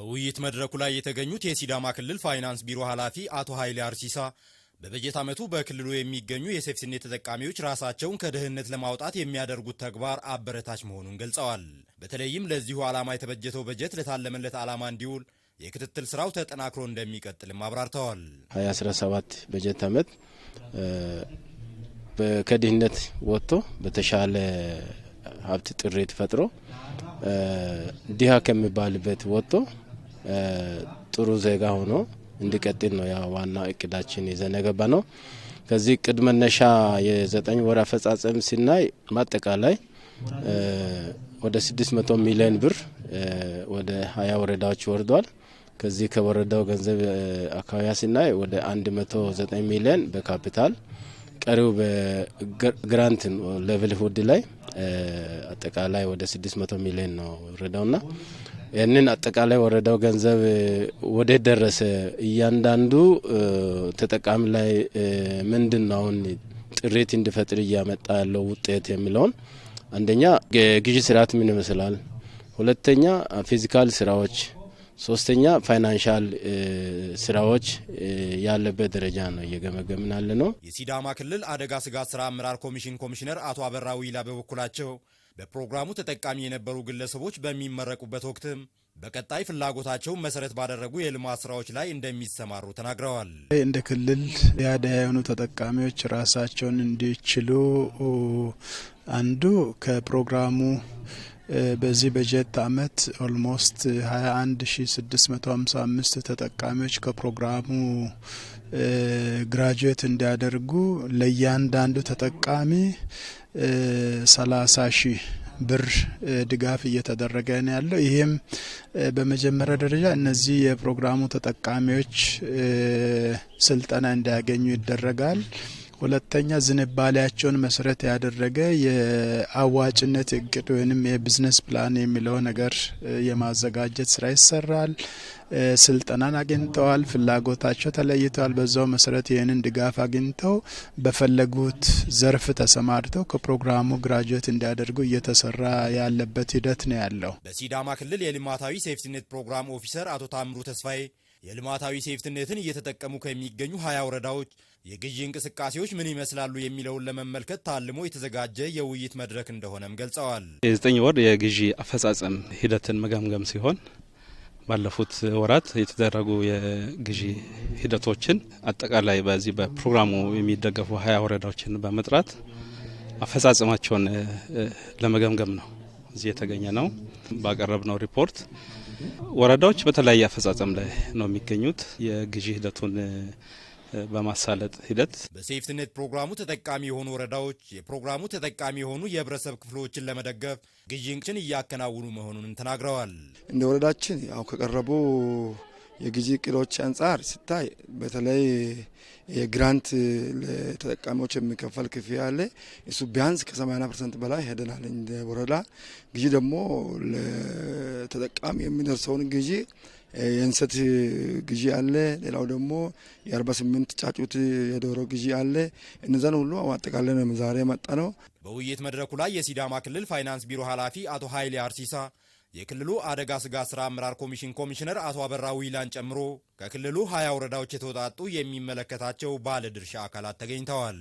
በውይይት መድረኩ ላይ የተገኙት የሲዳማ ክልል ፋይናንስ ቢሮ ኃላፊ አቶ ኃይሌ አርሲሳ በበጀት ዓመቱ በክልሉ የሚገኙ የሴፍትኔት ተጠቃሚዎች ራሳቸውን ከድህነት ለማውጣት የሚያደርጉት ተግባር አበረታች መሆኑን ገልጸዋል። በተለይም ለዚሁ ዓላማ የተበጀተው በጀት ለታለመለት ዓላማ እንዲውል የክትትል ስራው ተጠናክሮ እንደሚቀጥልም አብራርተዋል። 2017 በጀት ዓመት ከድህነት ወጥቶ በተሻለ ሀብት ጥሪት ፈጥሮ ድሃ ከሚባልበት ወጥቶ ጥሩ ዜጋ ሆኖ እንዲቀጥል ነው ያ ዋናው እቅዳችን ይዘን የገባ ነው። ከዚህ እቅድ መነሻ የዘጠኝ ወር አፈጻጸም ሲናይ ማጠቃላይ ወደ 600 ሚሊዮን ብር ወደ ሀያ ወረዳዎች ወርዷል። ከዚህ ከወረዳው ገንዘብ አካባቢያ ሲናይ ወደ 109 ሚሊዮን በካፒታል ቀሪው በግራንት ሌቭል ሁድ ላይ አጠቃላይ ወደ 600 ሚሊዮን ነው ወረዳውና ይህንን አጠቃላይ ወረዳው ገንዘብ ወዴት ደረሰ፣ እያንዳንዱ ተጠቃሚ ላይ ምንድን ነው አሁን ጥሪት እንዲፈጥር እያመጣ ያለው ውጤት የሚለውን አንደኛ ግዢ ስርዓት ምን ይመስላል፣ ሁለተኛ ፊዚካል ስራዎች፣ ሶስተኛ ፋይናንሻል ስራዎች ያለበት ደረጃ ነው እየገመገምን ያለ ነው። የሲዳማ ክልል አደጋ ስጋት ስራ አመራር ኮሚሽን ኮሚሽነር አቶ አበራ ዊላ በበኩላቸው በፕሮግራሙ ተጠቃሚ የነበሩ ግለሰቦች በሚመረቁበት ወቅት በቀጣይ ፍላጎታቸውን መሰረት ባደረጉ የልማት ስራዎች ላይ እንደሚሰማሩ ተናግረዋል። እንደ ክልል የአደያ የሆኑ ተጠቃሚዎች ራሳቸውን እንዲችሉ አንዱ ከፕሮግራሙ በዚህ በጀት አመት ኦልሞስት 21655 ተጠቃሚዎች ከፕሮግራሙ ግራጁዌት እንዲያደርጉ ለእያንዳንዱ ተጠቃሚ 30 ሺህ ብር ድጋፍ እየተደረገ ነው ያለው። ይህም በመጀመሪያ ደረጃ እነዚህ የፕሮግራሙ ተጠቃሚዎች ስልጠና እንዲያገኙ ይደረጋል። ሁለተኛ ዝንባሌያቸውን መሰረት ያደረገ የአዋጭነት እቅድ ወይም የቢዝነስ ፕላን የሚለው ነገር የማዘጋጀት ስራ ይሰራል። ስልጠናን አግኝተዋል። ፍላጎታቸው ተለይተዋል። በዛው መሰረት ይህንን ድጋፍ አግኝተው በፈለጉት ዘርፍ ተሰማርተው ከፕሮግራሙ ግራጁዌት እንዲያደርጉ እየተሰራ ያለበት ሂደት ነው ያለው። በሲዳማ ክልል የልማታዊ ሴፍትኔት ፕሮግራም ኦፊሰር አቶ ታምሩ ተስፋዬ የልማታዊ ሴፍትኔትን እየተጠቀሙ ከሚገኙ ሀያ ወረዳዎች የግዢ እንቅስቃሴዎች ምን ይመስላሉ የሚለውን ለመመልከት ታልሞ የተዘጋጀ የውይይት መድረክ እንደሆነም ገልጸዋል። የዘጠኝ ወር የግዢ አፈጻጸም ሂደትን መገምገም ሲሆን ባለፉት ወራት የተደረጉ የግዢ ሂደቶችን አጠቃላይ በዚህ በፕሮግራሙ የሚደገፉ ሀያ ወረዳዎችን በመጥራት አፈጻጸማቸውን ለመገምገም ነው እዚህ የተገኘ ነው። ባቀረብነው ሪፖርት ወረዳዎች በተለያየ አፈጻጸም ላይ ነው የሚገኙት። የግዢ ሂደቱን በማሳለጥ ሂደት በሴፍትኔት ፕሮግራሙ ተጠቃሚ የሆኑ ወረዳዎች የፕሮግራሙ ተጠቃሚ የሆኑ የህብረተሰብ ክፍሎችን ለመደገፍ ግዥንችን እያከናውኑ መሆኑንም ተናግረዋል። እንደ ወረዳችን ያው ከቀረቡ የግዢ እቅዶች አንጻር ሲታይ በተለይ የግራንት ለተጠቃሚዎች የሚከፈል ክፍያ አለ። እሱ ቢያንስ ከ80 ፐርሰንት በላይ ሄደናል እንደ ወረዳ። ግዢ ደግሞ ለተጠቃሚ የሚደርሰውን ግዢ የእንሰት ግዢ አለ። ሌላው ደግሞ የአርባ ስምንት ጫጩት የዶሮ ግዢ አለ። እነዛን ሁሉ አዋጠቃለን ዛሬ መጣ ነው። በውይይት መድረኩ ላይ የሲዳማ ክልል ፋይናንስ ቢሮ ኃላፊ አቶ ኃይሌ አርሲሳ የክልሉ አደጋ ስጋት ስራ አመራር ኮሚሽን ኮሚሽነር አቶ አበራ ዊላን ጨምሮ ከክልሉ ሀያ ወረዳዎች የተውጣጡ የሚመለከታቸው ባለ ድርሻ አካላት ተገኝተዋል።